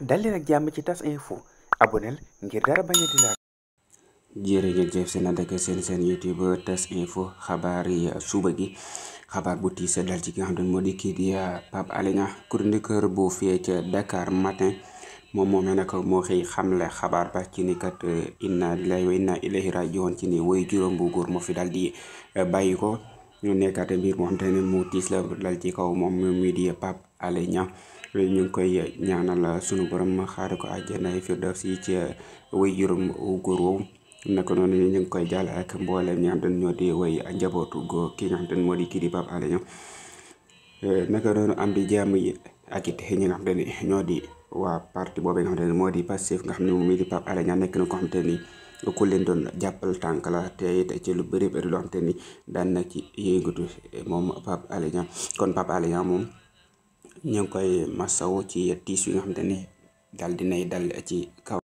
dalli nag jàmm ci tas info abonel ngir dara bañ a di laal jërëjëf seen ànd seen seen youtube tas info xabaar yi suba gi xabaar bu tiis dal ci ki nga xam ne moo di kii di ah, Pape Alé Niang moom moomee nag xamle xabaar ba ci ni kat eh, inna lillahi wa inna ilayhi ci ni woy juróom bu moo fi daal di eh, bàyyi ko ñu nekkaate mbir moo xam mu tiis la dal ci kaw moom muy di Pape Alé Niang ñu ngi koy ñaanal sunu borom xaare ko àjjana firdaws yi ci way juróom wu góor woowu naka noonu ñu ngi koy jàll ak mboolem ñi nga ñoo di njabootu góor ki moo di kii di Pape Alé Niang naka noonu am di jàmm yi ak it ñi nga xam ne ñoo di waa parti boobu nga xam ne moo di Pastef nga am ne moom mii di Pape Alé Niang nekk na ko xam te ni ku leen doon jàppal tànk la te it ci lu bëri bëri loo xam te ni daan na ci yëngatu moom Pape Alé Niang kon Pape Alé Niang moom. ñu ngi koy masawu ci tiis yi nga xamante ni daal dinay dal ci kaw